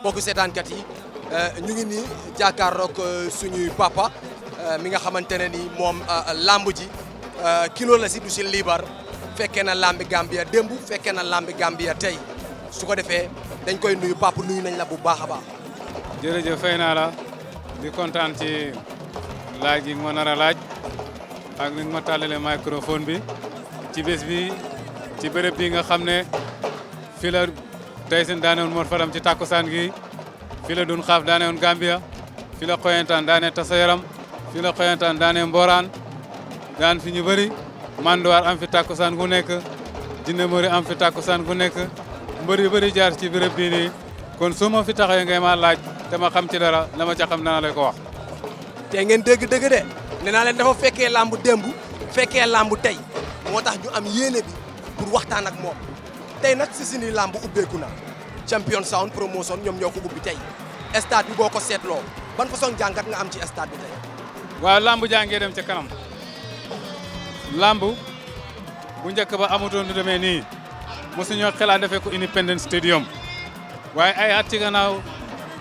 mbokku seetaankat yi euh, ñu ngi nii jàkkaarloog euh, suñuy papa euh, mi nga xamante ne ni moom lamb ji kilo la si du si liibar fekkee na làmbi Gambia démb fekkee na làmbi Gambia tey su ko defee dañ koy nuyu papa nuyu nañ la bu baax a baax. jërëjëf fay naa la di kontaan ci laaj yi nga ma nar a laaj ak ni nga ma tàllale microphone bi ci bi ci bi nga xam ne fi tey Tyson daane woon Mor Fadam ci takkusaan gi fi la dun xaaf daane woon Gambia fi la Xoyantaan daane Tasa Yaram fi la Xoyantaan daane Mboraan daan fi ñu bëri Mandoir am fi takkusaan gu nekk Jinne Mori am fi takkusaan gu nekk mbër yu bëri jaar ci béréb bii nii kon soo ma fi taxawee ngay ma laaj te ma xam ci dara la ma ca xam dana lay ko wax. te ngeen dégg dëgg de nee naa leen dafa fekkee làmb démb fekkee làmb tey moo tax ñu am yéene bi pour waxtaan ak moom. tey nag si suñuy làmb ubbeeku na champion sound promotion ñoom ñoo ko ubbi tey stade bi boo ko seetloo ban façon jàngat nga am ci stade bi tey. waaw làmb jàngee dem ca kanam làmb bu njëkk ba amutoon lu demee nii mosuñoo xelaat defee ko Independence Stadium waaye ay at ci gannaaw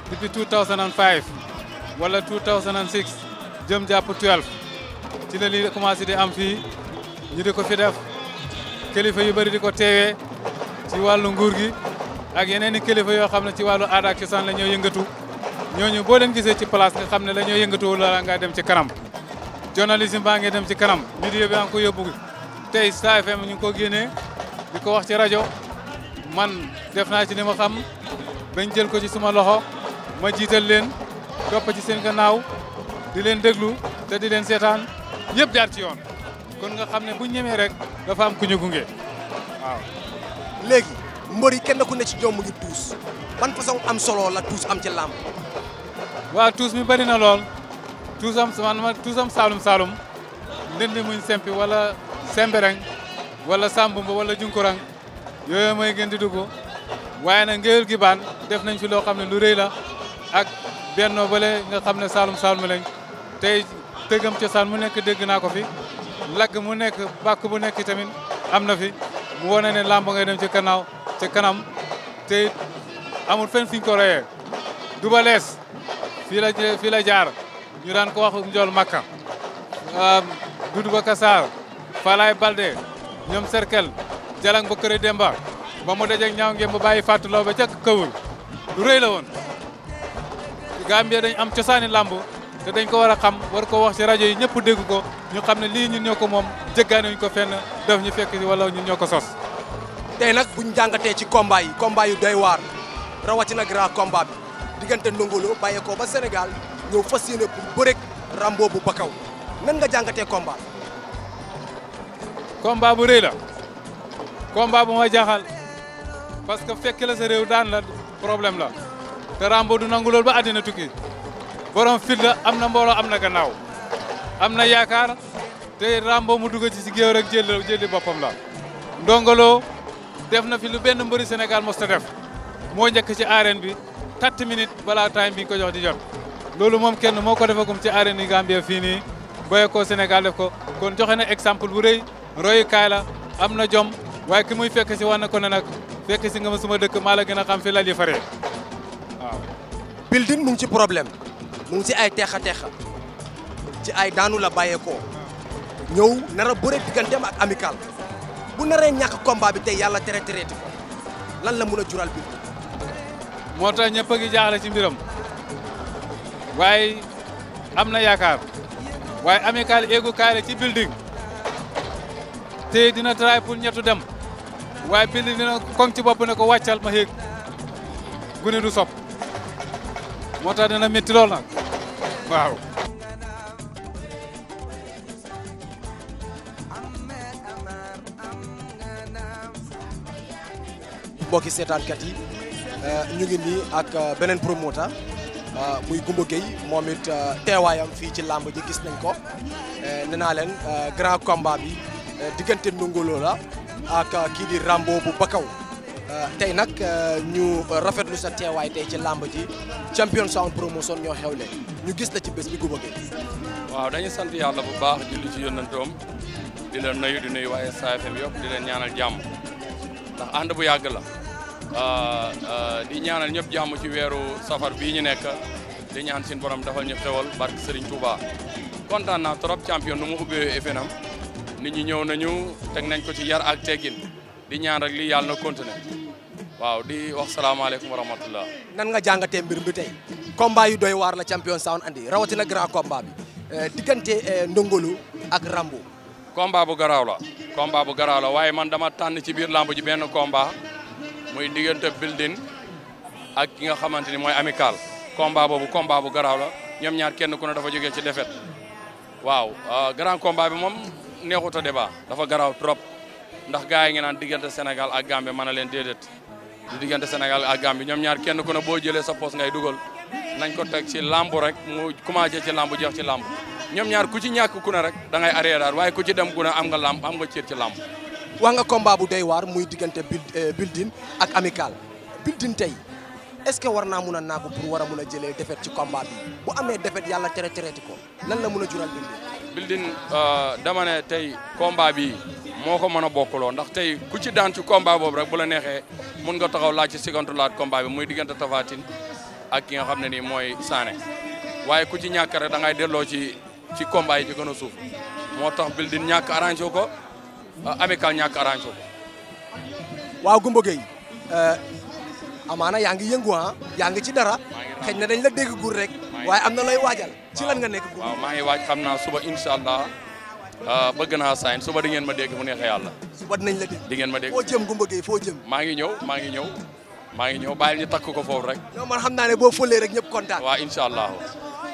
depuis 2005 wala 2006 jëm jàpp 12 ci la lii commencé di am fii ñu di ko fi def kilifa yu bëri di ko teewee. ci wàllu nguur gi ak yeneen i kilifa yoo xam ne ci wàllu aada ak cosaan la ñoo yëngatu ñooñu boo leen gisee ci place nga xam ne la ñoo yëngatu loola nga dem ci kanam journalisme baa ngi dem ci kanam milieu bi angi ko yóbbu tey Star FM ñu ngi ko génnee di ko wax ci rajo man def naa ci li ma xam bañ jël ko ci suma loxo ma jiital leen topp ci seen gannaaw di leen déglu te di leen seetaan ñëpp jaar ci yoon kon nga xam ne bu ñemee rek dafa am ku ñu waaw léegi mbër yi kenn ku nekk ci jommu gi tuus ban façon am solo la tuus am ci làmb. waaw tuus mi bëri na lool tuus am man tuus saalum saalum ndindi muñ sempi wala sembereng wala sambumba wala junkurang yooyu mooy ngeen di dugg waaye nag ngéwél gi baan def nañ fi loo xam ne lu rëy la ak bennoo bale nga xam ne saalum saalum lañ tey dëggam cosaan mu nekk dégg naa ko fi lagg mu nekk bàkk bu nekk tamit am na fi mu wane ne làmb ngay dem ci kanaaw ci kanam te amul fenn fi ñu fii la fii la jaar ñu daan ko wax njool makka Doudou Baka Sarr Falaye Balde ñoom cercle jalang ba Kër Demba ba mu dajeeg ñaaw ngeen ba bàyyi fàttaloo ba ca kawul lu rëy la woon Gambie dañ am cosaani làmb te dañ ko war a xam war ko wax ci rajo yi ñëpp dégg ko ñu xam ne lii ñu ñoo ko moom jëggaanuñ ko fenn def ñu fekk wala ñu ñoo ko sos. tey nag buñ jàngatee ci combat yi combat yu doy waar rawatina grand combat bi diggante Ndongo Lo bàyyeekoo ba senegal ñëw fas yéene pour bërek Rambo bu Bakaw nan nga jàngatee combat. combat bu rëy la. combat bu ma jaaxal fekk la sa réew daan la problème la te Rambo du nangu loolu ba àddina tukki. borom fit la am na mbooloo am na gannaaw am na yaakaar te Rambo mu dugg ci si géew rek jël jëli boppam la ndongolo def na fi lu benn mbëri Sénégal mos ta def moo njëkk ci arène bi 4 minutes balaa time bi ñu ko jox di jot loolu moom kenn moo ko defagum ci arène yi Gambia fii nii boye ko Sénégal def ko kon joxe na exemple bu rëy royu kaay am na jom waaye ki muy fekk si war na ko ne nag fekk si nga ma suma dëkk maa la gën a xam fi lal yi faree mu ci problème. mu ngi si ay teexa teexa ci ay daanu la bàyyeekoo ñëw nar a bëre digganteem ak amical bu naree ñàkk combat bi tey yàlla tere tereeti ko lan la mun a jural bi moo tax ñëpp a jaaxle ci mbiram waaye am na yaakaar waaye amical éegu kaare ci building te dina tray pour ñettu dem waaye building dina koŋ ci bopp ne ko wàccal ma xéeg gune du sopp moo tax dina métti lool nag waaw. mbokki seetaankat yi euh, ñu ngi nii ak euh, beneen promoteur euh, muy Goumba moom it teewaayam fii ci làmb ji gis nañ ko nee naa leen grand combat bi diggante Ndongo ak kii di bu Bakaw. Euh, tey nag euh, ñu rafetlu sa teewaay tey ci làmb ji champion sound promotion ñoo xewle ñu gis la ci bés bi gu bëggee waaw dañu sant yàlla bu baax julli ci yónnantoom di leen nuyu di nuyu waaye SAFM yëpp di leen ñaanal jàmm ndax ànd bu yàgg la euh, di ñaanal ñëpp jàmm ci weeru safar bii ñu nekk di ñaan seen borom dafal ñu xewal barke Serigne Touba kontaan naa trop champion nu mu ubbee FNM nit ñi ñëw nañu teg nañ ko ci yar ak teggin di ñaan rek lii yàlla na continuer waaw di wax salaamaaleykum wa rahmatullah nan nga jàngatee mbir mi tey combat yu doy waar la champion sound andi rawatina grand combat bi euh, diggante euh, Ndongolu ak Rambo. combat bu garaaw la bu garaaw la waaye man dama tànn ci biir lamb ji benn combat muy diggante building ak ki nga xamante ni mooy amical combat boobu combat bu garaaw la ñoom ñaar kenn ku ne dafa jógee ci défaite waaw euh, grand combat bi moom neexut a débat dafa garaaw trop ndax gars yi nga naan diggante Sénégal ak Gambie mën na leen déedéet du diggante Sénégal ak Gambie ñoom ñaar kenn ku ne boo jëlee sa poos ngay dugal nañ ko teg ci làmb rek mu commencé ci lamb jeex ci làmb ñoom ñaar ku ci ñàkk ku ne rek dangay ngay arrière daal waaye ku ci dem ku ne am nga lamb am nga cër ci lamb. wax nga combat bu doy waar muy diggante Building euh, ak Amical Building tey est-ce que war na mun a naagu pour war a mun a jëlee défaite ci combat bu amee défaite yàlla tere tereeti ko lan la mun a jural Building euh, dama ne tey combat bi moo ko mën a bokkuloo ndax tey ku ci daan ci combat boobu rek bu la neexee mun nga taxaw laaj ci sigantu laat combat bi muy diggante Tapha ak ki nga xam ne nii mooy Sané waaye ku ci ñàkk rek da delloo ci ci combat yi ci gën suuf moo tax Building ñàkk arrangé ko euh, amical ñàkk arrangé wu ko. waaw Goumba Gueye euh, yaa ngi yëngu ah yaa ngi ci dara xëy na dañ la dégg gur rek. waaye am na lay waajal. ci lan nga nekk groupe maa ngi waaj xam naa suba incha allah ah, bëgg naa sañ suba di ngeen ma dégg mu neexee yàlla. suba dinañ la dégg di ngeen ma dégg foo jëm Goumba Gueye foo jëm. maa ngi ñëw maa ngi ñëw maa ngi ñëw bàyyi takk ko foofu rek. non man xam naa ne boo fëlee rek ñëpp kontaan. waaw incha allah.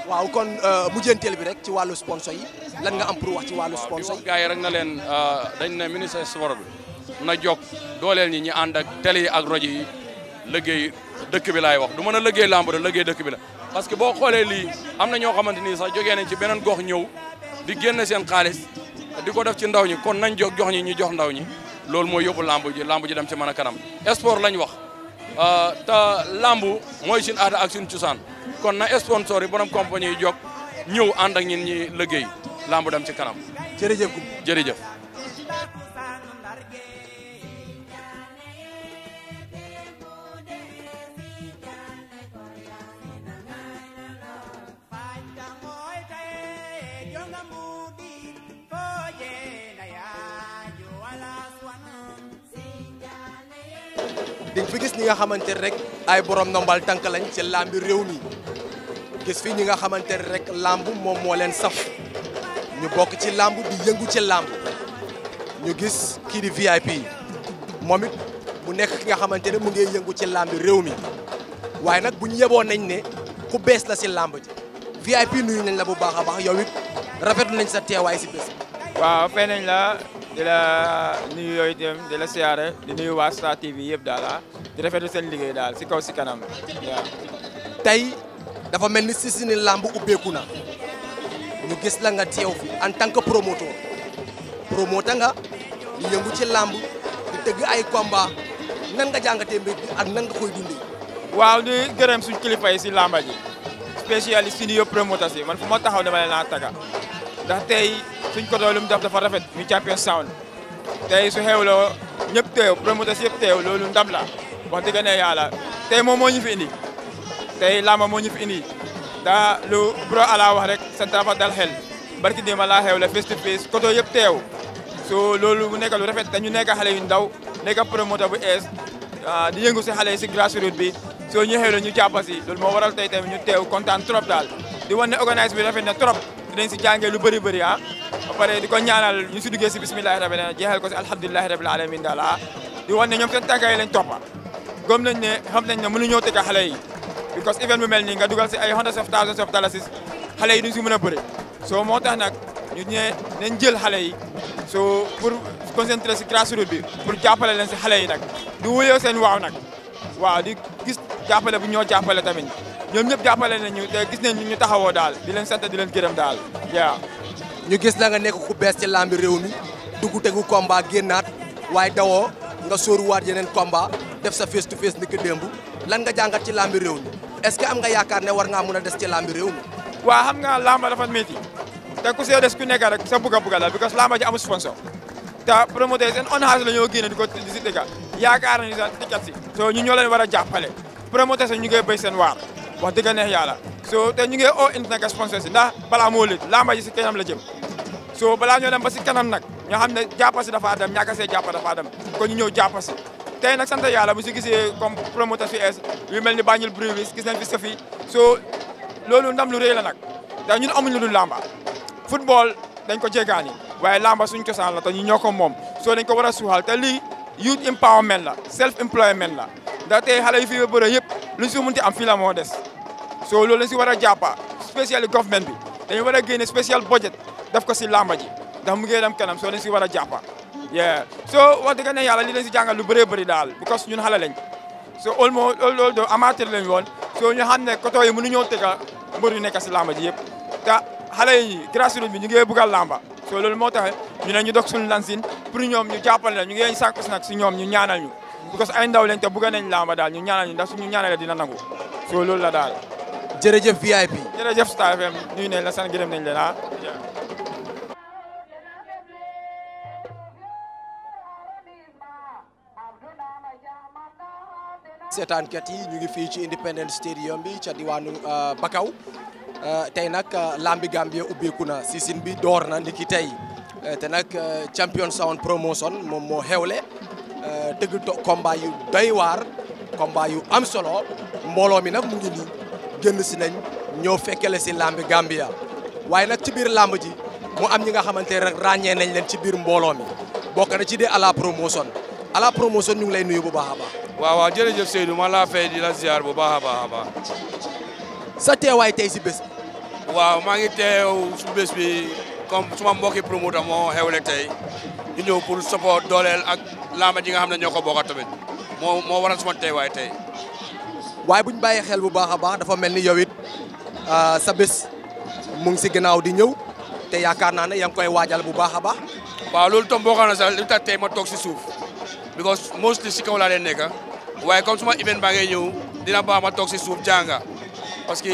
waaw kon euh, mujjanteel bi rek ci wàllu sponsor yi. lan nga am pour wax ci wàllu sponsor yi. gars yi rek na leen euh, dañ ne ministre sport bi na jog dooleel ñi ñi ànd ak télé yi ak rajo yi liggéey dëkk bi laay wax du mën a liggéey làmb de dëkk bi la parce que boo xoolee lii am na ñoo xamante ni sax jógee nañ ci beneen gox ñëw di génn seen xaalis di ko def ci ndaw ñi kon nañ jox jox ñi ñu jox ndaw ñi loolu mooy yóbbu lamb ji lamb ji dem ci mën a kanam sport lañ wax euh, te lamb mooy suñu aada ak suñu cosaan kon na sponsor yi borom compagnie yi jog ñëw ànd ak ñin ñi liggéey lamb dam ci kanam. jërëjëf jërëjëf. dañ fi gis ñi nga xamante ne rek ay borom ndombal tànk lañ ci làmbi réew mi gis fi ñi nga xamante ne rek làmb moom moo leen saf ñu bokk ci làmb di yëngu ci làmb ñu gis kii di VIP moom it mu nekk ki nga xamante ne mu ngi yëngu ci làmbi réew mi waaye nag bu ñu yeboon nañ ne ku bees la si làmb ji VIP nuyu nañ la bu baax a yow it rafetlu nañ sa teewaay si bés. waaw fay nañ la. di la nuyu yooyu itam la siyaare di nuyu waa Star TV yëpp daal ah di seen liggéey daal si kaw si kanam waaw. tey dafa mel ni si sini làmb ubbeeku na ñu gis la nga teew fi en tant que promoteur promoteur nga di yëngu ci làmb di tëgg ay combat nan nga jàngatee mbir ak nan nga koy dundee. waaw di gërëm suñ kilifa yi si làmba ji spécialiste si nuyo promoteur si man fu ma taxaw dama leen a tagga ndax tey suñ ko doon lu mu def dafa rafet ñu champion sound tey su xewloo ñëpp teew promoteurs yëpp teew loolu ndam la wax dëgg ne yàlla tey moo moo ñu fi indi tey làmba moo ñu fi indi daa lu bro ala wax rek sant dafa dal xel barki démb laa xewle face to face yëpp teew so loolu mu nekk lu rafet te ñu nekk xale yu ndaw nekk promoteur bu ees ah, di yëngu si xale yi si grassroots bi soo ñu xewle ñu jàpp si loolu moo waral tey tamit ñu teew kontaan trop daal di wan bi rafet na trop dinañ si jàngee lu bëri bëri ah ba di ko ñaanal ñu si duggee si bisimilahi rabil alamin jeexal ko si alhamdulilahi rabil alamin daal ah di wan ne ñoom seen tànka yi lañ nañ ne xam nañ ne mënuñoo tëgg xale yi because event bu mel nii nga dugal si ay hundreds of thousands of dollars xale yi duñ si mën a bëri soo moo tax nag ñu ne nañ jël xale yi soo pour concentrer si grassroots bi pour jàppale leen si xale yi nag di wuyoo seen waaw nag waaw di gis jàppale bu ñoo jàppale tamit ñoom ñëpp jàppale nañu te gis nañ ñu taxawoo daal di leen sant di daal waaw. ñu gis na nga nekk ku bees ci lambi réew mi dugg tegu combat génnaat waaye dawoo nga sóoruwaat jeneen combat def sa face to face ni ko lan nga jàngat ci lambi réew mi est que am nga yaakaar ne war ngaa mun a des ci lambi réew mi. waa xam nga lamba dafa métti te ku see des ku nekk rek sa bugg a bugg la parce que lamba ji amul sponsor te promoteur seen onage la ñoo génne di ko di ñu ñoo leen war a jàppale promoteur sax ñu ngi seen waar. wax dëgg neex yàlla so te ñu ngi oo indi nag sponsor si balaa moo lamba ji si kanam la jëm so balaa ñoo dem ba si kanam nag ñoo xam ne jàppa si dafaa dem ñàkk a see ñu ñëw jàppa si tey nag sant yàlla si gisee comme promoteur si es yu ni Banjul Breweries gis nañ fi safi loolu ndam lu rëy la nag ndax ñun amuñ lu lamba football dañ ko jéggaani waaye lamba suñ cosaan la te ñu ñoo ko moom soo dañ ko war a te lii youth empowerment ndaxte xale yi fi ba bëre yëpp luñ si mënti am moo des soo loolu lañ si war a jàppa spécial government bi dañu war a génne spécial budget daf ko si làmba ji ndax mu ngi dem kanam soo leen si war a jàppa soo wax dëgg ne yàlla li leen si jàngal lu bëree bëri daal because ñun xale lañ so al moo loolu loolu doo amateur lañ woon soo ñu xam ne koto yi mënuñoo tëgga mbër yu nekk si làmba ji yëpp te xale yi grassroots bi ñu ngi buggal lamba soo loolu moo tax ñu ne ñu dog suñu lansin pour ñu jàppale la ñu ngi sàkku si nag ñu ñaanal parce ay ndaw lañ te bëgg nañ lamba daal ñu ñaanal ñu ndax suñu ñaanalee dina nangu soo loolu la daal. jërëjëf VIP. jërëjëf Star FM nuyu nañ la sant gërëm nañ leen ah. seetaankat yi ñu ngi fii ci Independence Stadium bi ca ah, Bakaw ah, tey nag ah, lambi Gambia ubbeeku na season bi door na niki tey te nag Champion Sound Promotion moom moo xewle. Euh, tëgg combat yu doy waar combat yu am solo mbooloo mi nag mu ngi nii génn si nañ ñëw fekkele si làmbi Gambia waaye nag ci biir làmb ji mu am ñi nga xamante ne rek ràññee nañ leen ci biir mbooloo mi bokk na ci di à la promotion à la ñu ngi lay nuyu bu baax a baax. waaw waaw jërëjëf Seydou ma laa fay di la ziar bu baax a baax a baax. sa teewaay tey si bés. waaw maa ngi teew su bés bi comme suma mbokki promoteur moo xewle tey ñu ñëw pour support dooleel ak laama ji nga xam ne ñoo ko bokk tamit moo moo waral sama teewaay tey. waaye bu ñu bàyyee xel bu baax a baax dafa mel ni yow it ah, sa bés mu ngi si ginnaaw di ñëw te yaakaar naa ne yaa ngi koy waajal bu baax a baax. waaw loolu tom boo xam ne sax li tax tey ma toog si suuf because mostly si kaw laa leen nekk waaye comme suma event baa ngay ñëw dina baax ma toog si suuf jànga parce que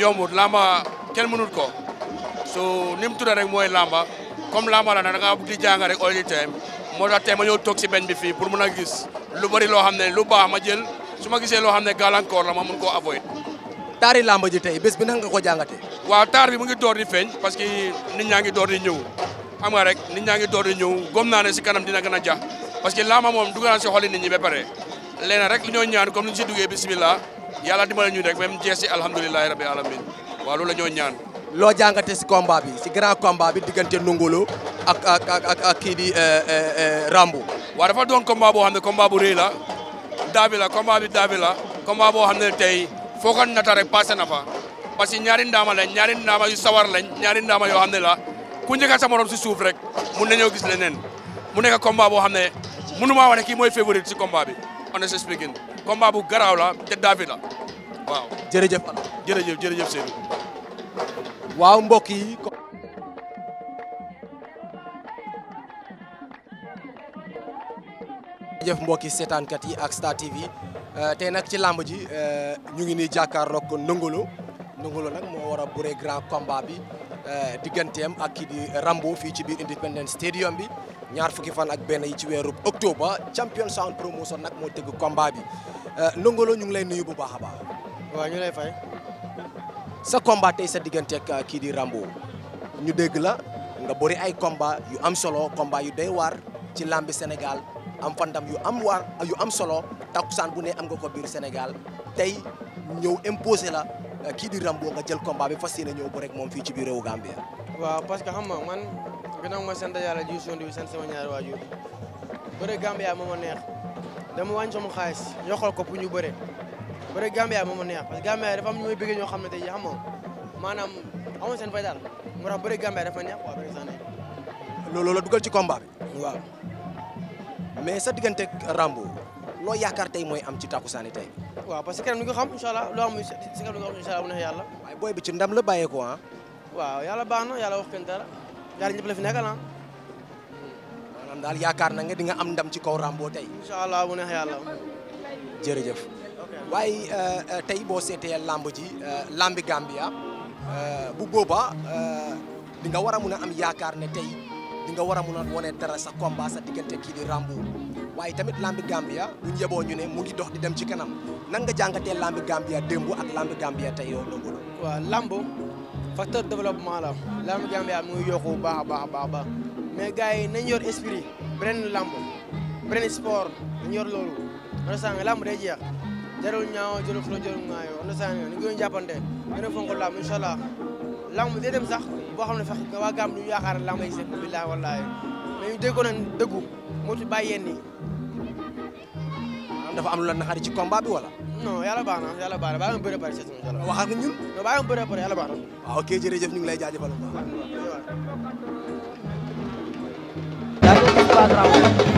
yombut lamba kenn mënut ko so ni mu rek mooy lamba. comme lamba la nag da ngaa bugg di jàng rek all the time moo tax tey ma ñëw toog si bi fii pour mën a gis lu bëri loo xam ne lu baax ma jël su ma gisee loo xam ne gàllankoor la ma mun koo avoid. taari lamba ji tey bés bi nan nga ko jàngatee. waa taar bi mu ngi door di feeñ parce que nit ñaa ngi door di ñëw am nga rek nit ñaa ngi door di ñëw gom naa ne si kanam dina gën a jax parce que lamba moom dugg naa si xoli nit ñi ba pare léegi rek li ñoo ñaan comme ni ñu si duggee bisimilah yàlla dimbale ñu rek même jeex si alhamdulilahi rabbil alamin waaw la ñoo ñaan loo jàngate si combat bi si gara combat bi diggante Ndongolo ak ak ak ak kii di eh, eh, eh, Rambo. waaw dafa doon combat boo xam ne combat bu rëy la daabi la combat bi la combat boo xam ne tey foo ko nata rek passé na fa parce que ñaari ndaama lañ ñaari ndaama yu sawar lañ ñaari ndaama yoo xam ne la ku njëkk sa morom si suuf rek mun nañoo gis leneen mu nekk combat boo xam ne mënu maa wax kii mooy si combat bi honestly speaking combat bu garaaw la te daabi waaw. jërëjëf Ala jërëjëf jërëjëf Seydou. waaw mbokk yi. jëf mbokki seetaankat yi ak Star TV euh, tey nag ci làmb ji euh, ñu ngi nii jàkkaarloog Ndongo Lo Ndongo Lo nag moo war a bëre grand combat bi euh, digganteem ak kii di Rambo fii ci biir Independence Stadium bi ñaar fukki fan ak benn yi ci weeru octobre champion sound promotion nag moo tëgg combat bi Ndongo ñu ngi lay nuyu bu baax a baax. waaw ñu lay fay. sa combat tey sa diggante ak uh, kii di Rambo ñu dégg la nga bëri ay combat yu am solo combat yu doy waar ci làmbi Sénégal am fa ndam yu am waar yu am solo takkusaan bu ne am nga ko biir Sénégal tey ñëw imposé la uh, kii di Rambo nga jël combat bi fas yéene ñëw bu rek moom fii ci biir réewu Gambia. waaw parce que xam nga man ginnaaw ma sant yàlla ji sondu bi sant sama ñaari waajur bëre Gambia moo ma neex dama wàññi sama xaalis yokkal ko pour ñu bëre. bëre Gambia moom ma neex parce que Gambia dafa am ñu may bëggee xam ne tey xam moom maanaam amoon seen fay daal moo tax bëre Gambia dafa neex quoi bëre Sané loolu la dugal ci combat bi waaw mais sa diggante Rambo loo yaakaar tey mooy am ci takkusaani tey waaw parce que kanam ni ko xam inshallah loo am si kanam ni ko xam inshallah bu waaye booy bi ci ndam la bàyyee ko ah waaw yàlla baax na yàlla wax kenn dara yàlla ñëpp la fi nekkal ah maanaam daal yaakaar na nga di nga am ndam ci kaw Rambo tey inshallah bu neex yàlla waaye euh, euh, tey boo seetee làmb ji euh, làmbi Gambia bu boobaa di nga war a mun a am yaakaar ne tey di nga war a mun a wane dara sa combat sa diggante kii di Rambo waaye tamit làmbi Gambia bu njëboo ñu ne mu ngi dox di dem ci kanam nan nga jàngatee làmbi Gambia démb ak làmbi Gambia tey yow loolu. waaw làmb facteur développement la làmbi Gambia mu ngi yokku bu baax a baax a baax mais gars yi nañ yor esprit beneen làmb beneen sport nañ yor loolu. on dirait làmb day jeex. jarul ñaaw jarul xuloo jarul ŋaayoo am na saa ni ñu gën a jàppante gën a fonk làmb incha allah làmb day dem sax boo xam ne fex waa gaam du yaakaar làmb ay sëg billaahi wallaahi mais ñu déggoo nañ dëggu moo ci bàyyi yenn yi dafa am lu la naxari ci combat bi wala non yàlla baax na yàlla baax na bàyyi ma bëre pare seetlu incha allah waxal nga ñun non bàyyi ma bëre pare yàlla baax na waaw ah, ok jërëjëf ñu ngi lay jaajëfal bu baax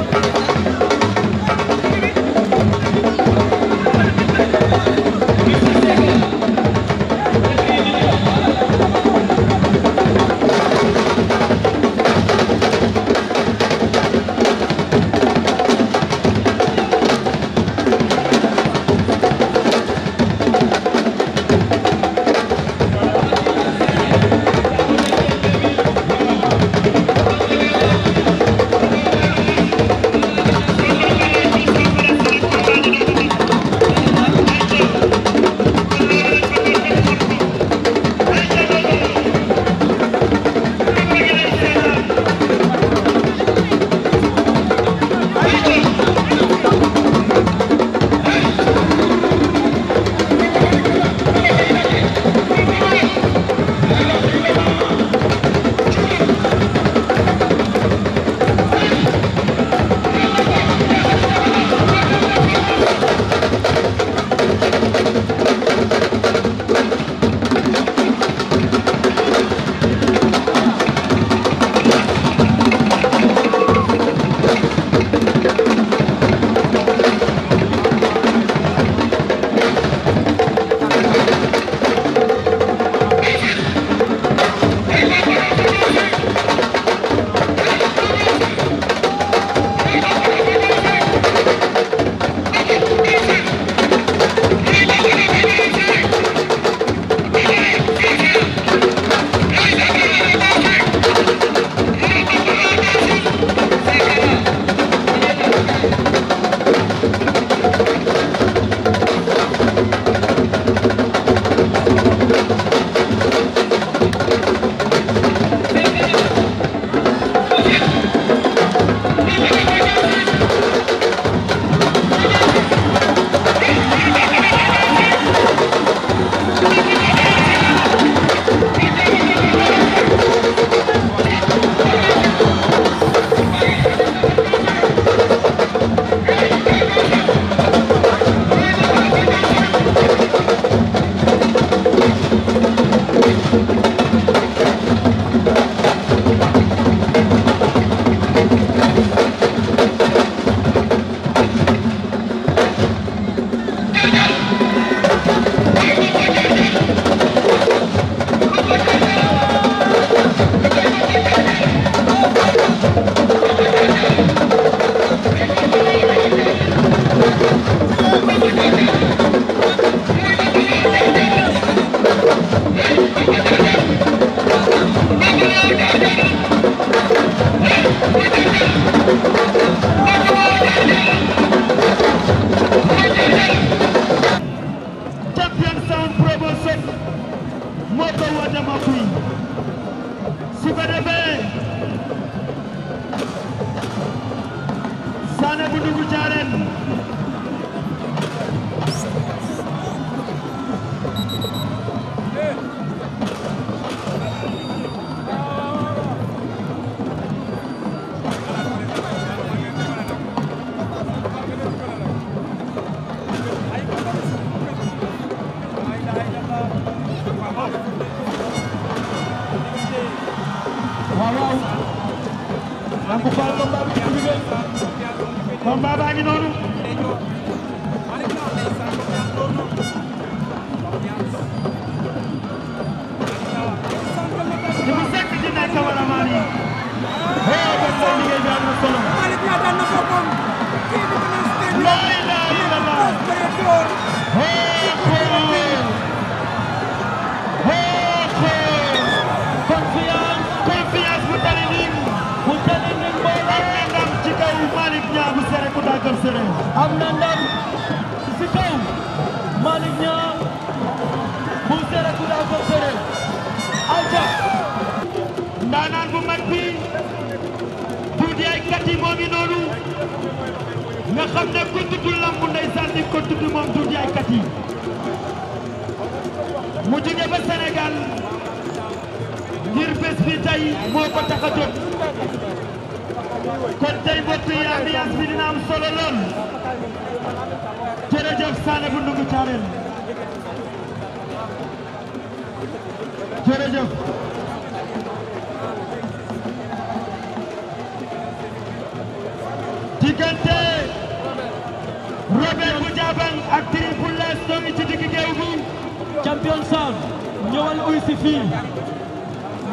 du lamb ndeysaan ni ko tudd moom du jaaykat yi mu jóge ba Sénégal ngir bés bi tey moo ko tax a jóg kon tey yi ambiance bi dina am solo lool jërëjëf Sané bu Ndungu Thiarène jërëjëf champion sound ñëwal uy fii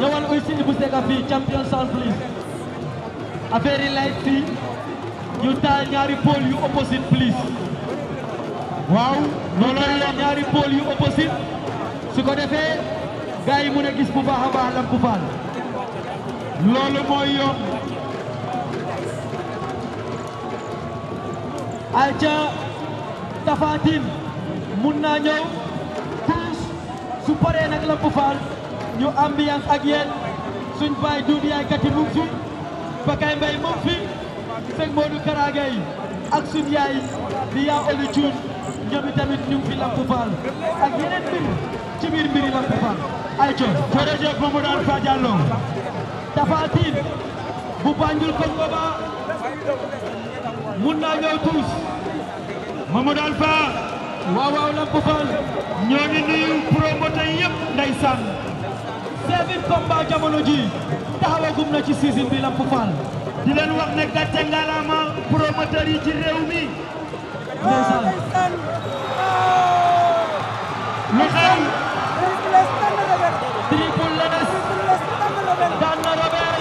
ñëwal uy si fii champion sound please affaire yi light fii ñu taal ñaari pôle yu opposite please waaw looloo la ñaari pôle yu opposite su ko defee gars yi mën gis bu baax a loolu mooy yoon ayca Tapha Tine mun naa ñëw su paree nag la ñu ambiance ak yéen suñ baay duud yaay gati Mbay mu ngi fi sëñ ak suñ di yaa olu cuun tamit ñu ngi ak yeneen mbir ci biir mbiri ay co jërëjëf Mamadou Alpha Diallo Tapha Tine bu Banjul koñ booba mun naa ñëw tuus Mamadou Alpha waaw waaw lamp ñoo ngi nuyu promoteur yëpp ndeysaan seven combat jamono ji taxawagum na ci season bi Lamp Fall di leen wax ne gàcce ngalaama promoteur yi ci réew mi ndeysaan lu xew daan na Robert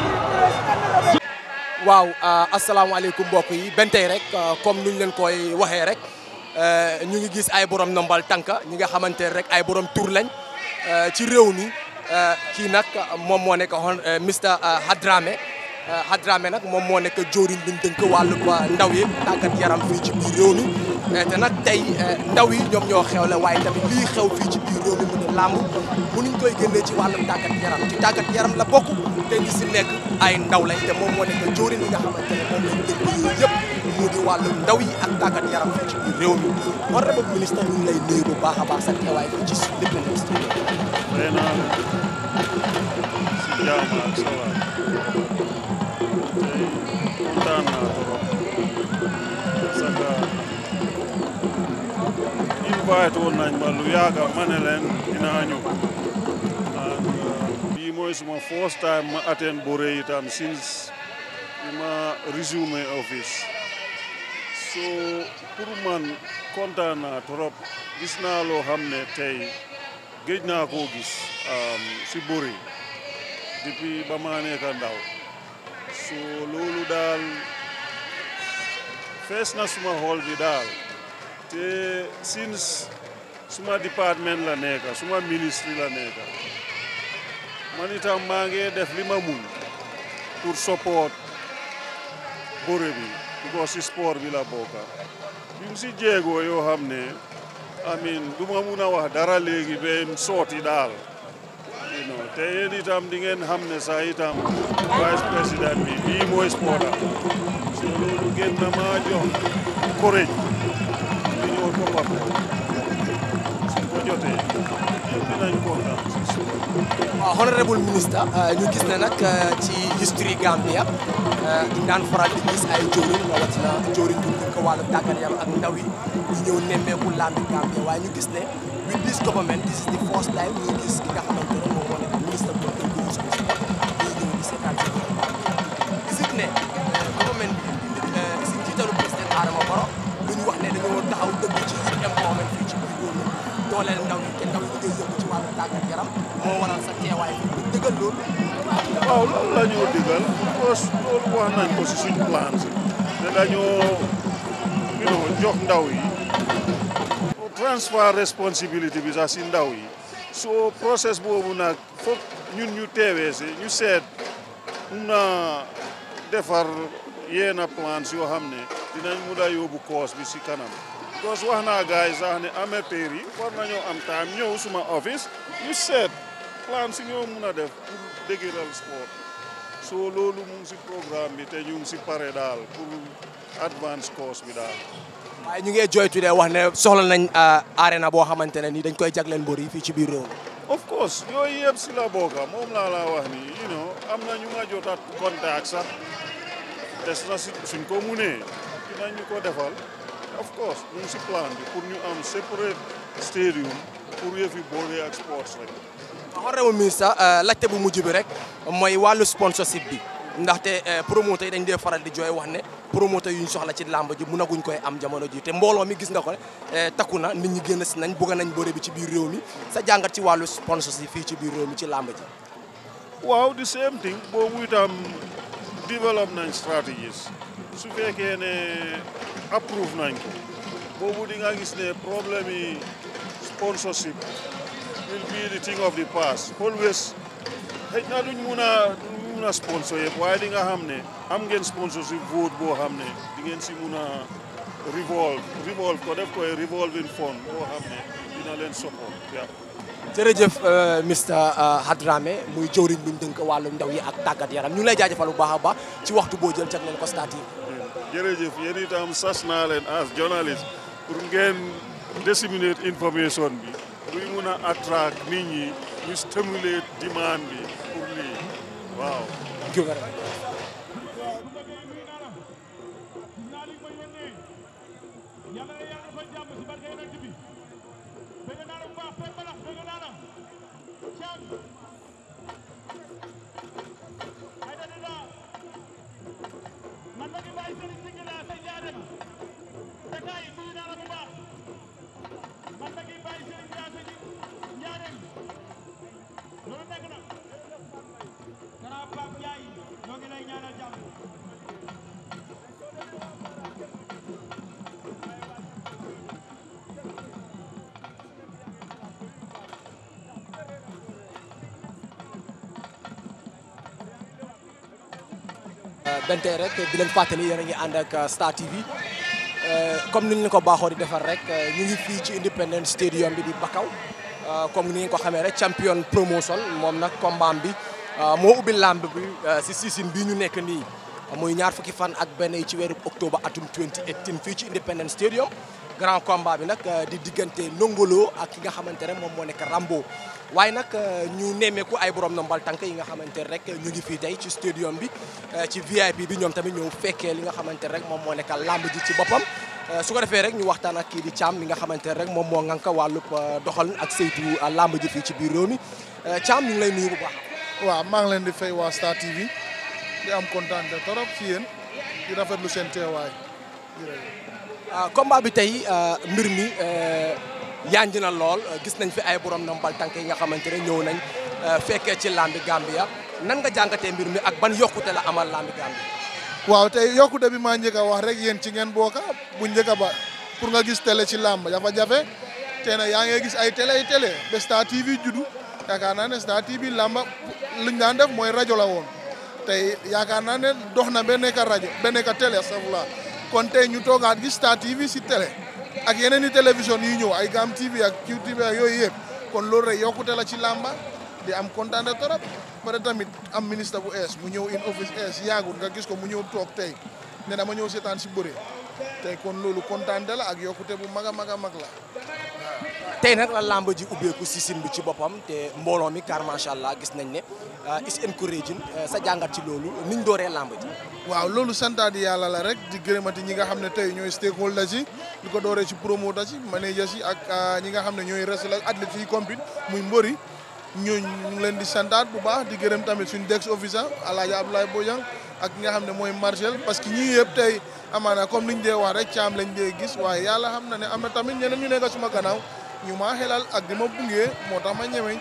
waaw euh, asalaamaaleykum mbokk yi bentey rek euh, comme nuñ leen koy waxee rek Euh, ñu ngi gis ay borom ndombal tànka ñi nga xamante rek ay borom tur lañ euh, ci réew mi euh, kii nag moom moo nekk Mr Hadrame Hadrame nag moom moo nekk jëwriñ bi ñu dënk wàllu ndaw yi tàggat yaram fii ci réew mi te nag tey ndaw yi ñoom ñoo xew la waaye koy génnee ci wàllum tàggat yaram ci yaram la bokk te ñi si nekk ay ndaw lañ te moom moo nekk jëwriñ li nga xamante ne moom lañ dënk yooyu yëpp yëg wàllu yi ak tàggat yaram fii ci biir réew mi moo tax ba ministre lay nuyu bu baax sa teewaay ci suñu lépp lépp studio. xëy na si jàmm ak salaam tey mooy suma first time ma atteindre bu since ma résumé office. so pour man kontaan naa gis naa loo xam ne tey géej naa koo gis si bëri depuis ba maa nekk ndaw so loolu daal fees na suma xool bi daal te since suma département la nekk suma ministre la nekk man itam def li ma mun pour support bëri bi because si bi la bokka ñu si jéego yoo xam ne amin du ma mun a wax dara léegi ba sooti daal te yéen itam di ngeen xam ne sax itam vice président bi bii mooy sport am so loolu na maa jox courage li ñoo toppatoo su ko jotee waaw euh, honorable ministre euh, ñu gis ne nag euh, ci history Gambia ñu daan faral di gis ay jëwriñ rawatina jëwriñ bu dëkk wàllu tàggat yaram ak ndaw yi ñu ñëw nemmeeku làmbi Gambia waaye ñu gis ne with this government this is the first time ñu nga dooleel ndaw ñi te ndaw ñi loolu. waaw loolu la ñu digal parce que loolu ko si suñ plan si ne dañoo jox ndaw yi transfert responsabilité bi sax si ndaw yi soo process boobu nag foog ñun ñu teewee si ñu seet na defar yenn plans yoo xam ne dinañ mun a yóbbu koos bi si kanam because wax naa gars yi sax ne amateurs yi war nañoo am time ñëw suma office ñu seet plan si ñoo mun a def pour dëgëral sport soo loolu mu si programme bi te ñu si pare daal pour advance course bi daal. waaye ñu ngi joytu de wax ne soxla nañ euh, arena boo xamante ne ni dañ koy jagleel mbër yi fii ci biir réew mi. of course yooyu yëpp si la bokk moom laa wax ni you know am na ñu nga jotaat contact sax des na suñ ko munee dinañ ñu ko defal. of course si plan bi pour ñu am separate stadium pour yëf yi boole ak sports rek. waxoon réew mi sax euh, laajte bu mujj bi rek mooy wàllu sponsorship bi ndaxte euh, promoteur yi dañ dee faral di jooy wax ne promoteur yu ñu soxla ci làmb ji munaguñ koy am jamono ji te mbooloo mi gis nga ko euh, takku na nit ñi génn si nañ bëgg nañ bëre bi ci biir réew mi sa jàngat ci wàllu sponsorship fii ci biir réew mi ci làmb ji. waaw the same thing boobu itam develop nañ su fekkee ne approuve nañ boobu di nga gis ne problème yi sponsorship will be the thing of the past always xëj na duñ mun a duñ sponsor waaye di nga xam ne am ngeen sponsorship vote boo xam ne ngeen si mun revolve ko def koy revolving fund boo xam ne dina leen support waaw. jërëjëf euh, mister euh, Hadrame muy jëwriñ buñ dënk wàllum ndaw yi ak tàggat yaram ñu ngi lay jaajëfal bu baax a ci waxtu boo jël jagleel ko jërëjëf yéen itam sas naa leen as journaliste pour ngeen disséminer information bi luy mun a attract nit ñi ñu stimuler bi pour lii waaw. dañ tey rek di leen fàttali yéen a ngi ànd ak euh, Star TV euh, comme ni ñu ko baaxoo di defar rek euh, ñu ngi fii ci Independence Stadium bi di Bakau comme ni ngeen ko xamee rek champion promotion moom nag combat bi moo ubbi lamb bi si season bii ñu nekk nii muy ñaar fukki fan ak benn ci weeru octobre atum 2018 fii ci Independence Stadium. grand combat bi nag euh, di diggante longolo ak ki nga xamante ne moom moo nekk Rambo waaye nag euh, ñu nemmeeku ay borom ndombal tànk yi nga xamante rek ñu ngi fii tey ci stadium bi euh, ci VIP bi ñoom tamit ñëw fekkee li nga xamante rek moom moo nekk làmb ji ci boppam. su ko defee rek ñu waxtaan ak kii di Thiam mi nga xamante rek moom moo ngànk wàllub doxal ak saytu làmb ji fii ci biir réew mi Thiam ñu ngi lay nuyu bu baax. waaw maa ngi leen di fay waa Star TV am kontaan de torop ci yéen di rafetlu seen teewaay. waaw ah, combat bi tey ah, mbir mi eh, yanj na lool gis nañ fi ay borom ndombal tànk yi nga xamante ne ñëw nañ eh, fekkee ci lambi Gambia nan nga jàngatee mbir mi ak ban yokkute la amal lambi Gambia. waaw tey yokkute bi maa njëkk a wax rek yéen ci ngeen booka bu njëkk ba pour nga gis télé ci lamb dafa jafe te na yaa ngi gis ay télé ay télé ba Star TV juddu yaakaar naa ne Star TV lamba luñ daan def mooy rajo la woon tey yaakaar naa ne dox na ba nekk rajo ba nekk télé safula kon tey ñu toogaat gis Star TV si télé ak yeneen i télévision yu ñëw ay Gam TV ak QTV ak yooyu yëpp kon loolu rek yokkute la ci làmba di am kontaan de trop pare tamit am ministre bu ees mu ñëw in office ees yaagut nga gis ko mu ñëw toog tey ne dama ñëw seetaan si bëre tey kon loolu kontaan de la ak yokkute bu mag a mag a mag la tey nag la làmb ji ubbeeku si sin bi ci boppam te mbooloo mi car macha allah gis nañ ne euh, is encouraging euh, sa jàngat ci loolu niñ dooree làmb ji. waaw loolu santaat yàlla la rek di gërëmati ñi nga xam ne tey ñooy stakeholders yi di ko dooree ci promoteurs yi managers yi ak euh, ñi nga xam ne ñooy wrestlers athlètes yi compete muy mbër yi ñooñu ñu ngi leen di santaat bu baax di gërëm tamit suñu dex officer Alaaji Abdoulaye Bojang ak nga xam ne mooy Marcel parce que ñii yëpp tey amaana comme liñ dee wax rek caam lañ dee gis waaye yàlla xam na ne am na tamit ñeneen ñu nekk suma gannaaw ñu maa xelal ak di ma bungee moo tax ma ñemeñ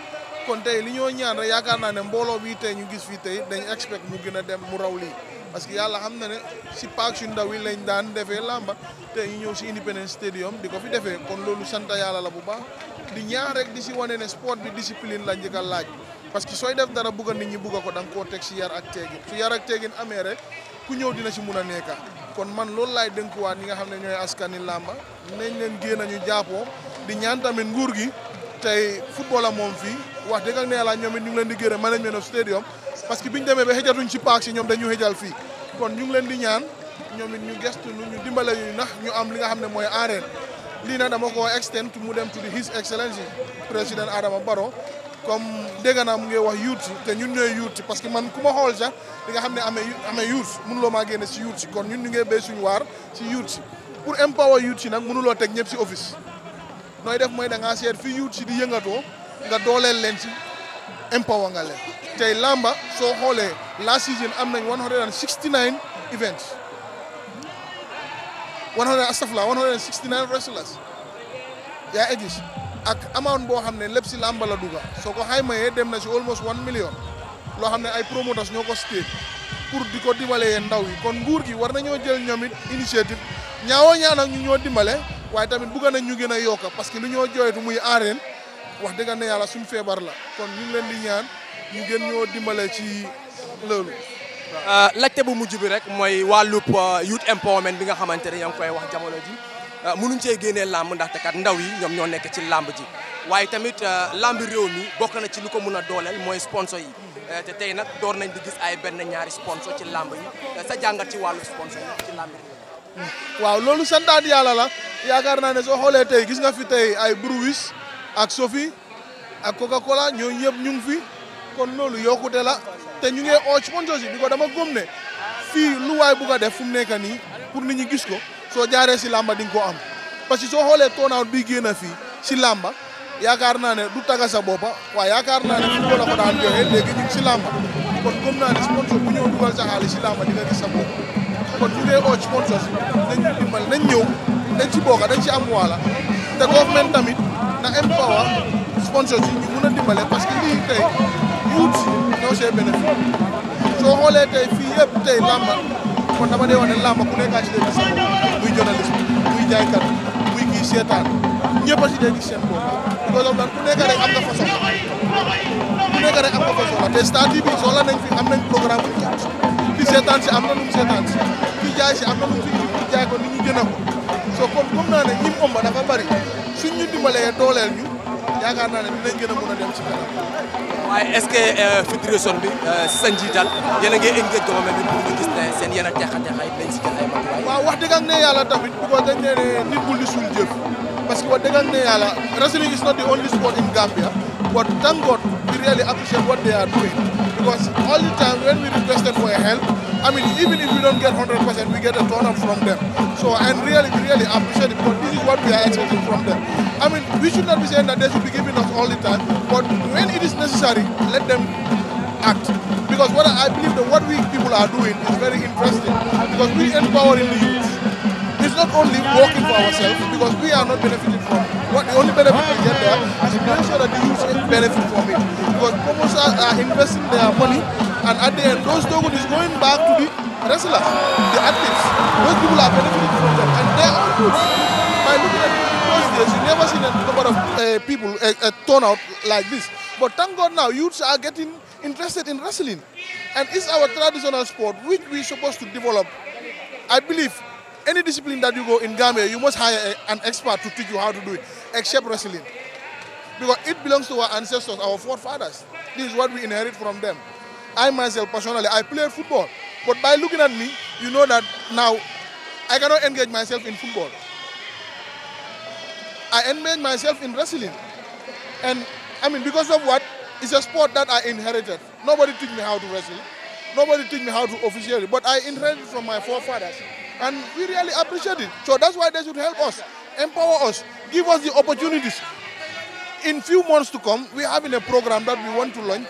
kon tey li ñoo ñaan rek yaakaar naa ne mbooloo bi tey ñu gis fii tey dañ expect mu gën a dem mu raw lii parce que yàlla xam na ne si paak su ndaw yi lañ daan defee làmba tey ñu ñëw si Independence Stadium di ko fi defee kon loolu sant yàlla la bu baax di ñaax rek di si wane ne sport bi discipline la njëkk laaj parce que sooy def dara bugg ni nit ñi bugg ko da nga koo teg si yar ak teegin su yar ak amee rek ku ñëw dina si mun a nekka kon man loolu laay dénkuwaat ñi nga xam ne ñooy askani làmba nañ leen génn ñu jàppoo di ñaan tamit nguur gi tey football a moom fii wax dëgg ak nee la ñoom ñu ngi leen di gërëm management of stadium parce que biñu demee ba xëjatuñ ci paak si ñoom dañu xëjal fii kon ñu leen di ñaan ñoom it ñu gestu ñu dimbale ñu nax ñu am li nga xam ne mooy arène lii nag dama ko extend mu dem tuddi his excellency président Adama Barrow comme dégg naa mu ngi wax youth te ñun ñooy youth parce que man ku ma xool sax li nga xam ne amee amee youth mënuloo maa si youth kon ñun ñu ngi bay suñu waar si pour empower youth si nag mënuloo teg ñëpp si office nooy def mooy da ngaa seet fi youth si di yëngatoo nga dooleel leen si empower nga leen tey làmba soo xoolee last season am nañ 169 events 100 astafla 169 wrestlers yaa ngi gis ak amount boo xam ne lépp si lamba la duga soo ko xaymayee dem na si almost 1 million loo xam ne ay promoters ñoo ko state pour di ko dimbalee ndaw yi kon nguur gi war nañoo jël ñoom it initiative ñaawoo ñaan ak ñu ñoo dimbale waaye tamit bëgg nañ ñu gën a yokka parce que lu ñoo jooytu muy aareen wax dëgg ne yàlla suñu feebar la kon ñu ngi leen di ñaan ñu gën ñoo dimbale ci loolu. Euh, laajte bu mujj bi rek mooy wàllub euh, youth empowerment bi nga xamante ne yaa ngi koy wax jamono ji euh, mënuñ cee génnee làmb ndaxte kat ndaw yi ñoom ñoo nekk ci làmb ji waaye tamit làmb réew mi bokk na ci lu ko mun a dooleel mooy sponsor yi. Eh, te tey nag door nañ di ay benn ñaari sponsor ci làmb yi eh, sa jàngat ci wàllu sponsor yi hmm. waaw loolu santaat yàlla la yaakaar naa ne soo xoolee tey gis nga fi tey ay Brewis ak sofi ak Coca Cola ñooñu ñëpp ñu fi kon loolu yokkute la te ñu ngi oo sponsor yi bi ko dama gëm ne fii lu waay bugg a def fu mu nekk nii pour nit ñu gis ko soo jaaree si làmba di nga ko am parce que soo xoolee toonaaw bi génn fii si làmba. yaakaar naa ne du tagga sa boppa waaye yaakaar naa ne fu la ko daan joxe léegi ñu ngi si làmba kon gëm naa ne sponsor bu ñëw dugal sa xaalis si làmba di nga gis sa bopp kon ñu dee oo sponsor si nañ ñu dimbal nañ ñëw dañ si bokk dañ si am waala te government tamit na empower sponsor si ñu mun a dimbale parce que lii tey yuut ñoo see bénéfice soo xoolee tey fii yëpp tey làmba kon dama dee wax ne làmba ku nekkaa si dee gis sa bopp muy journaliste muy jaaykat muy kii a loolu daal ku nekk rek am nga fa soxla ku nekk rek am nga fa soxla te stade bi soxla nañ fi am nañ programme bu seetaan si am na nu mu seetaan si fi jaay si am na mu fi jaay ko ni ñu jënd ko so kon comme naa ne ñi mu ëmb dafa bari suñ ñu dimbalee dooleel ñu yaakaar naa ne dinañ gën a mën a dem ci kanam. waaye est-ce que euh, fédération bi euh, si sa njiital yéen a ngi engagé gouvernement bi pour ñu gis ne seen yenn jaxa-jaxa yi dañ si jël ay waaw wax dëgg ak ne yàlla tamit bu ko dañ Because what they are, wrestling is not the only sport in Gambia. But thank God, we really appreciate what they are doing. Because all the time when we requested for help, I mean, even if we don't get 100%, get a turn up from them. So, and really, we really appreciate it because this is what we are expecting from them. I mean, we should not be saying that they should be giving us all the time, but when it is necessary, let them act. Because what I believe that what we people are doing is very interesting because we it's not only working for ourselves because we are not benefiting from what the only benefit we get Because promoters are investing their money and at those tokens is going back to the wrestlers, the athletes. Those people are benefiting from them and By looking at those days, you never seen a number of uh, people, a, a turnout like this. But thank God now, youths are getting interested in wrestling. And it's our traditional sport which we're supposed any discipline that you go in Gambia, you must hire a, expert to teach you how to do it, except wrestling. Because it belongs to our ancestors, our forefathers. This is what we inherit from them. I cannot engage myself in football. I engage myself in wrestling. And I mean, because of what? It's a sport that I inherited. Nobody teach me how to wrestle. Nobody teach me how to officially. But I inherited from my forefathers. And we really appreciate it. So that's why they should help us, empower us, give us the opportunities. In few months to come, we're having a program that we want to launch.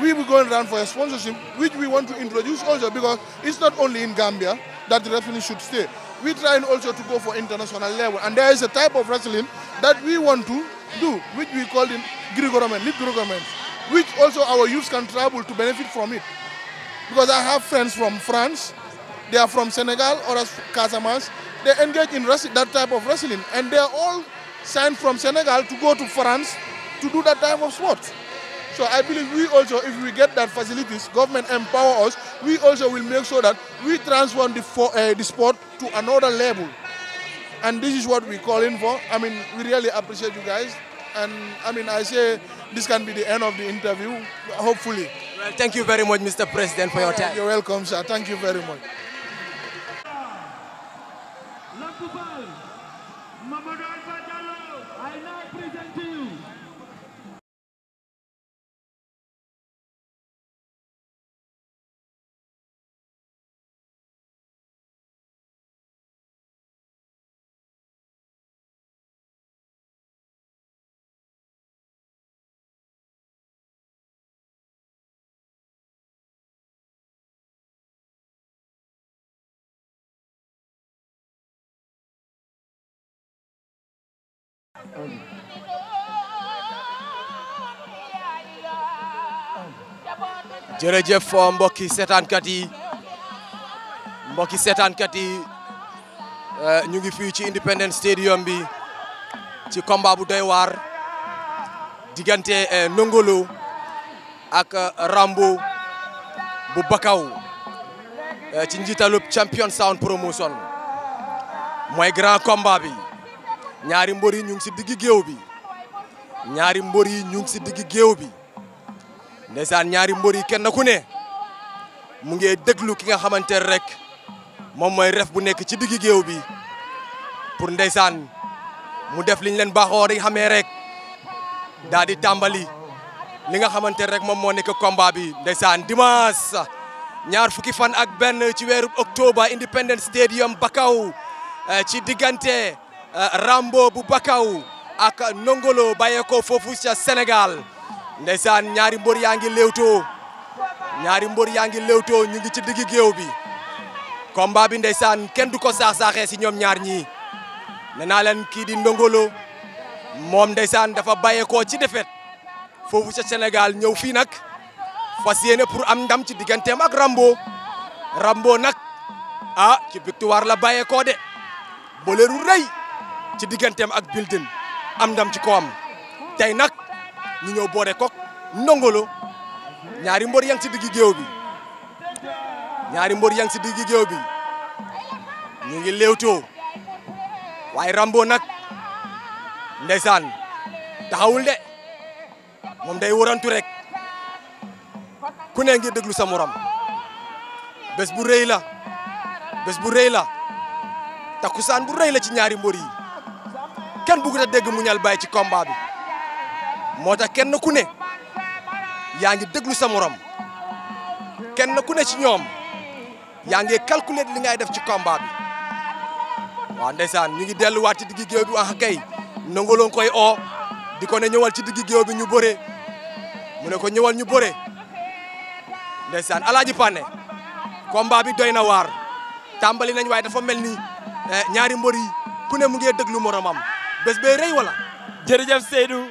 We will go around for a sponsorship, which we want to introduce also because it's not only in Gambia that the wrestling should stay. We're trying to go for international level. And there is a type of wrestling that we want to do, which we call it Grigoromen, Lip Grigoromen, which also our They are from Senegal or Casamance. They engage in that And they are all signed from Senegal to go to France to do that type of sport. So I believe we also, get that facilities, government empower us, we also make sure that we transform eh, the, sport to another level. And this is what we're calling for. I mean, we really appreciate you guys. And I mean, I say this can be the end of the interview, hopefully. thank you very much, Mr. President, for your time. Coupa jërëjëf mbokki seetaankat yi mbokki seetaankat yi eh, ñu ngi fii ci Independence Stadium bi ci combat bu doy waar diggante eh, Ndongolo ak eh, Rambo bu Bakaw ci njiitalub Champion Sound Promotion mooy grand combat bi ñaari mbër yi ñu ngi si digg géew bi ñaari mbër yi ñu ngi digg géew bi ndeysaan ñaari mbër yi kenn ku ne mu ngi déglu ki nga xamante rek moom mooy ref bu nekk ci digg géew bi pour ndeysaan mu def liñ leen baaxoo di xamee rek daal di li nga xamante rek moom moo nekk combat bi ndeysaan dimanche ñaar fukki fan ak benn ci weeru octobre Independence Stadium Bakaw eh, ci diggante Euh, Rambo bu Bakaw ak Nongolo bàyyeekoo foofu ca Sénégal saan ñaari mbër yaa ngi léewtoo ñaari mbër yaa ngi léewtoo ñu ngi ci digg géew bi combat bi ndeysaan kenn du ko saax-saaxee si ñoom ñaar ñii nee naa leen kii di Nongolo moom ndeysaan dafa bàyyeekoo ci defet foofu ca Sénégal ñëw fii nag fas yéene pour am ndam ci digganteem ak Rambo Rambo nag ah ci victoire la bàyyeekoo de boleeru rëy ci digganteem ak Building am ndam ci kawam tey nag ñu ñëw boore kook Ndongo ñaari mbor yang ci digg géew bi ñaari mbër yang ci digg géew bi ñu ngi léewtoo waaye Rambo nag ndeysaan taxawul de moom day warantu rek ku ne ngi déglu sa morom bés bu rëy la bés bu rëy la takkusaan bu rey la ci ñaari mbër yi kenn bëggut a dégg muñal baay ci combat bi moo tax kenn ku ne yaa ngi déglu sa morom kenn ku ne ci ñoom yaa ngi calculer li ngay def ci combat bi waaw ndeysaan ñu ngi delluwaat ci diggi géew bi wax ah kay nangaloon di ko ne ñëwal ci diggi géew bi ñu bëree mu ne ñëwal ñu bëree ndeysaan alaaji bi doy na waar tàmbali nañ waaye dafa mel ni eh, ñaari mbër yi ku ne mu ngi déglu moromam bés bee rëy wala. jërëjëf Seydou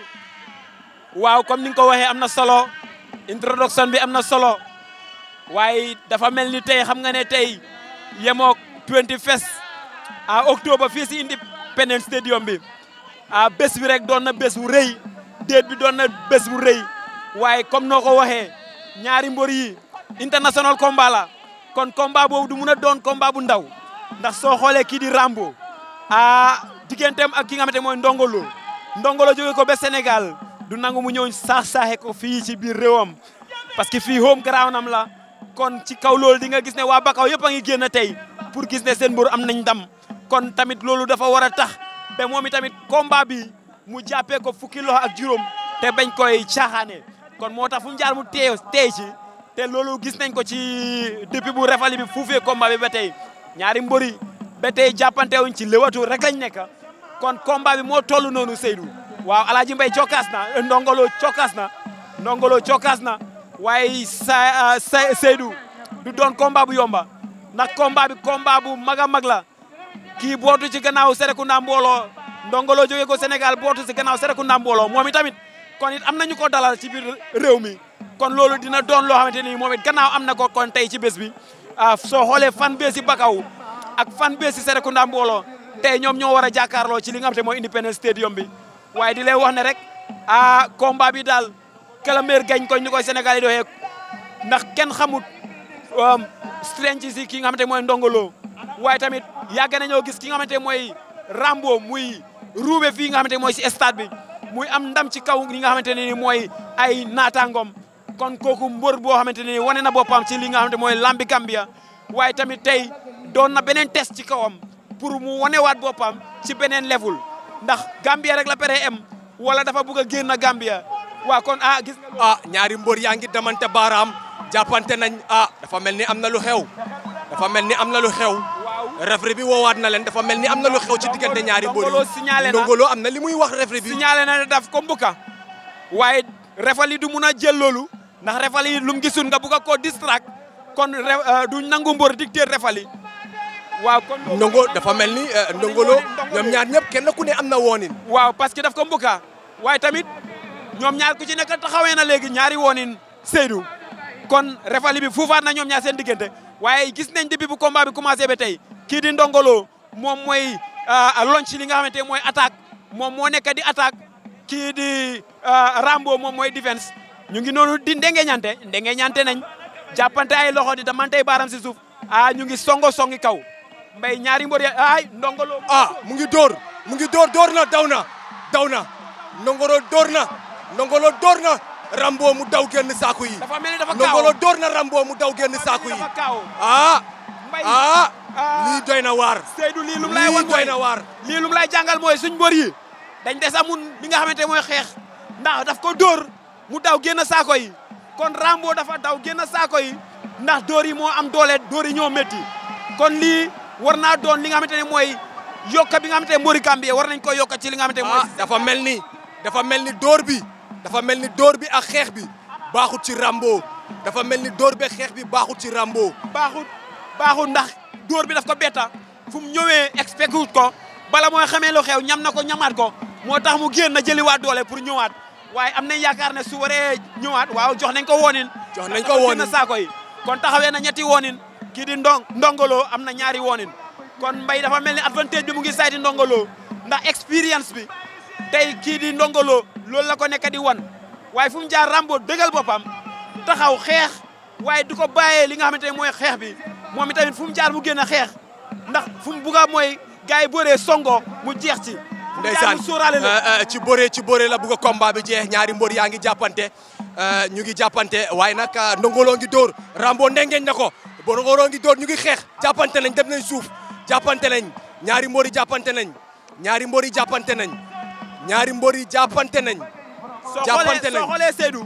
waaw comme ni nga ko waxee am na solo introduction bi am na solo waaye dafa mel ni tey xam nga ne tey yemook 20 fes a octobre fii si Independence Stadium bi a bés bi rek doon na bés bu rey déet bi doon na bés bu rëy waaye comme noo ko waxee ñaari mbër yi international combat la kon combat boobu du mun a doon combat bu ndaw ndax soo xoolee kii di Rambo a digganteem ak ki nga xamante ne mooy ndongolo ndongolo jóge ko ba Sénégal du nangu mu ñëw saax-saaxe ko fii ci biir réewam parce que fii home ground nam la kon ci kaw loolu di nga gis ne waa Bakaw yëpp a ngi génn tey pour gis ne seen mbër am nañ dam kon tamit loolu dafa war a tax ba moom tamit combat bi mu jàppee ko fukki loxo ak juróom te bañ koy caaxaane kon moo tax fu mu jaar mu teew teey ci te loolu gis nañ ko ci depuis bu refali bi fuufee combat bi ba tey ñaari mbëri ba tey jàppante ci lewatu rek lañ nekk kon combat bi moo toll noonu Seydou waaw Alaaji Mbay cokaas eh, na ndongolo cokaas na ndongolo cokaas na waaye ah, sa Seydou du doon combat bu yomba ndax combat bi combat bu mag a mag la kii bootu ci gannaaw Serekunda mbooloo ndongolo jógee ko Sénégal bootu ci gannaaw Serekunda mbooloo moom tamit kon it am nañu ko dalal ci biir réew mi kon loolu dina doon loo xamante ni moom it gannaaw am na ko kon tey ci bés bi ah, soo xoolee fan bee Bakaw ak fan bee si Serekunda mbooloo tey ñoom ñoo war a jàkkaarloo ci li nga xam te mooy Independence Stadium bi waaye di lay wax ne rek ah combat bi daal kala meer gañ ko ni koy Sénégal yi doxee ndax kenn xamut um, strength si ki nga xamante mooy ndongolo waaye tamit yàgg ñoo gis ki nga xamante mooy Rambo muy ruube fii nga xamante mooy si stade bi muy am ndam ci kaw li nga xamante ne ni mooy ay naataangoom kon kooku mbër boo xamante ne ni wane na boppam ci li nga xamante mooy lambi Gambia waaye tamit tey doon na beneen test ci kawam pour mu wanewaat boppam ci beneen level ndax Gambia rek la pere am wala dafa bëgg a na Gambia waa kon ah gis nga. ah ñaari mbër yaa ngi demante baaraam jàppante nañ ah dafa mel ni am na lu xew dafa mel ni am na lu xew. refri bi woowaat na leen dafa mel ni am na lu xew ci diggante ñaari mbër yi ndongolo am na li muy wax refri bi. signalé na daf ko mbuka waaye refal du mun a jël loolu ndax refal yi lu mu gisul nga a koo distract kon ah, du nangu mbor dicté refal yi waaw kon ndongo dafa mel ni euh, Ndongo Lo ñoom ñaar ñëpp kenn ku ne am na woonin waaw parce que daf ko mbuka waaye tamit ñoom ñaar ku ci nekk taxawee na léegi ñaari woonin Seydou kon refali bi fuufaat na ñoom ñaar seen diggante waaye gis nañ depuis bu combat bi commencé ba tey kii di Ndongo moom mooy euh, lonc li nga xamante ne mooy attaque moom moo nekk di attaque kii di euh, Rambo moom mooy défense ñu ngi noonu di ndengeñante ndengeñante nañ jàppante ay loxo di damantey baaram si ah ñu ngi songo songi kaw mbay ñaari mbër ya ay ndongolo. ah mu ngi door mu ngi door door na daw na daw na ndongolo door na ndongolo door na rambo mu daw génn saako yi. dafa mel ni dafa kaaw ndongolo door na rambo mu daw génn saako yi. Ah, ah ah doy na waar. Seydou lii lum lay wan mooy lii na waar. lii lum lay jàngal mooy suñ mbër yi dañ des amun li nga xamante mooy xeex ndax daf ko dóor mu daw génn saako yi kon rambo dafa daw génn saako yi ndax dóor yi moo am doole dóor yi ñoo métti kon lii. war naa doon li nga xamante ne mooy yokka bi nga xamante ne mbori Gambie war nañ ko yokka ci li nga xamante ne mooy ah, dafa mel ni dafa mel ni dóor bi dafa mel ni dóor bi ak xeex bi baaxut ci Rambo dafa mel ni dóor bi ak bi baaxut ci Rambo baaxut baaxut ndax dóor bi daf ko betta fu mu ñëwee expecté wut ko bala mooy xamee lu xew ñam na ko ñamaat ko moo tax mu génn na waat doole pour ñëwaat waaye am na yaakaar ne su waree ñëwaat waaw jox nañ ko woonin jox nañ ko woonin saako yi kon taxawee na ñetti woonin kii di ndong ndongolo am na ñaari woonin kon mbay dafa mel ni avantage bi mu ngi sayti ndongolo ndax expérience bi tey kii di ndongolo loolu la ko nekk di wan waaye fu mu jaar Rambo dëgal boppam taxaw xeex waaye du ko bàyyee li nga xamante ne mooy xeex bi moom i tamit fu mu jaar mu génn a xeex ndax fu mu bugga mooy gars yi bëree songo mu jeex ci ndeysaan euh, euh, ci bëree ci bëree la bugg a combat bi jeex ñaari mbër yaa ngi jàppante euh, ñu ngi jàppante waaye nag ndongoloo ngi dóor Rambo ndengeñ na ko Borogoro ngi door ñu ngi xeex jàppante nañ dem nañ suuf jàppante nañ ñaari mbor yi jàppante nañ ñaari mbor yi jàppante nañ ñaari mbor yi jàppante nañ. jàppante nañ soo xoolee Seydou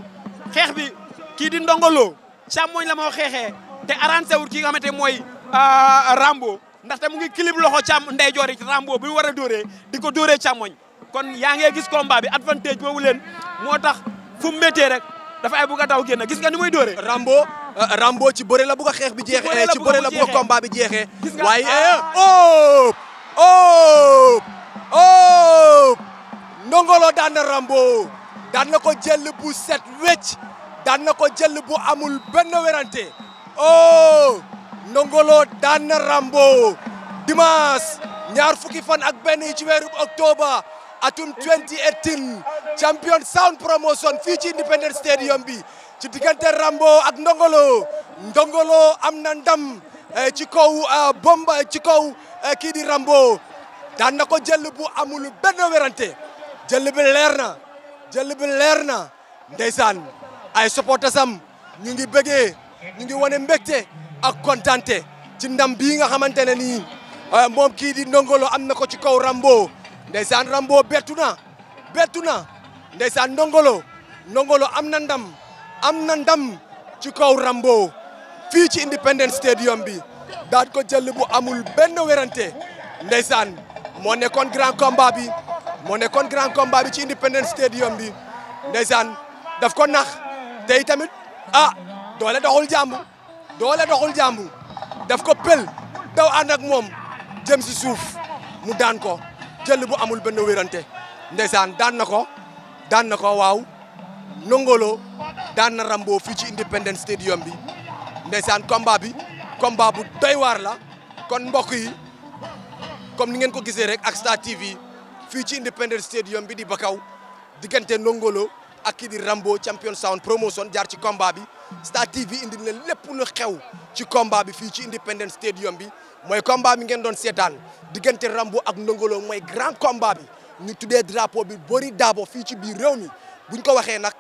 xeex bi kii di ndongolo càmmoñ la moo xeexee te arrangé wul ki nga xamante mooy euh, Rambo ndaxte mu ngi clip loxo càmm ndeyjoor yi Rambo bi mu war a dóoree di ko dóoree càmmoñ kon yaa ngi gis combat bi advantage boobu leen moo tax fu mu rek dafa ay bugg a daw génn gis nga ni muy dóoree Rambo. Euh, Rambo ci bëre la bu xeex bi jeexee ci bëre la bu ko combat bi jeexee waaye ah. eh, op op op Ndongo Lo daan Rambo daan ko jël bu set wecc daan ko jël bu amul benn werante oh Ndongo Lo Rambo dimanche ñaar fukki fan ak benn ci weeru octobre atum champion sound promotion fii ci Independence Stadium bi ci diggante Rambo ak Ndongolo Ndongolo am na ndam eh, ci kaw eh, bomba ci kaw eh, kii di Rambo daan na ko jël bu amul benn werante jël bi leer na jël bi leer na ndeysaan ay supportersam ñu ngi bëggee ñu wane mbégte ak kontante ci ndam bii nga xamante ne ni moom kii di Ndongolo am na ko ci kaw Rambo ndeysaan Rambo bettu na bettu na ndeysaan Ndongolo am na ndam am na ndam ci kaw Rambo fii ci Independence Stadium bi daan ko jël bu amul benn werante ndeysaan moo nekkoon grand combat bi moo nekkoon grand combat bi ci Independence Stadium bi ndeysaan daf ko nax tey tamit a ah, doole doxul jàmbu doole doxul jàmbu daf ko pël daw ànd moom jëm si suuf mu daan ko jël bu amul benn werante ndeysaan daan na ko daan na ko waaw nongolo daan na Rambo fii ci Independence Stadium bi ndeysaan combat bi combat bu doy waar la kon mbokk yi comme ni ngeen ko gisee rek ak Star TV fii ci Independence Stadium bi di Bakaw diggante Ndongolo ak kii di Rambo champion sound promotion jaar ci combat bi Star TV indi na lépp lu xew ci combat bi fii ci Independence Stadium bi mooy combat bi ngeen doon seetaan diggante Rambo ak Ndongolo mooy grand combat bi ñu tuddee drapeau bi Bori daabo fii ci biir réew mi buñ ko waxee nag.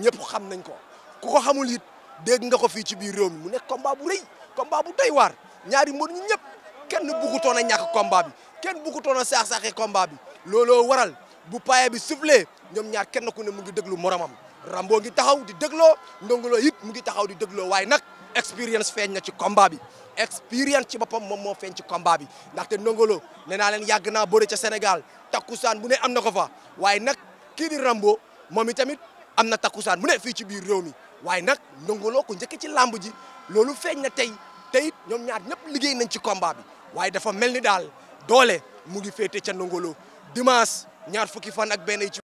ñëpp xam nañ ko ku ko xamul it dégg nga ko fii ci biir réew mi mu nekk combat bu rëy combat bu doy waar ñaari mbër ñu ñëpp kenn bëggutoon a ñàkk combat bi kenn bëggutoon a saax-saaxi combat bi looloo waral bu paaye bi suflee ñoom ñaar kenn ku ne mu ngi déglu moromam Rambo ngi taxaw di dégloo ndongolo it mu ngi taxaw di dégloo waaye nag expérience feeñ na ci combat bi expérience ci boppam moom moo feeñ ci combat bi ndaxte ndongolo nee naa leen yàgg naa bëre ca Sénégal takkusaan bu ne am na ko fa waaye nag kii Rambo moom itamit am na takkusaan mu ne fii ci biir réew mi waaye nag ndongoloo ko njëkk ci làmb ji loolu feeñ na tey tey ñoom ñaar ñëpp liggéey nañ ci combat waaye dafa mel ni daal doole mu ngi féete ca ndongoloo dimanche ñaar fukki fan ak benn ci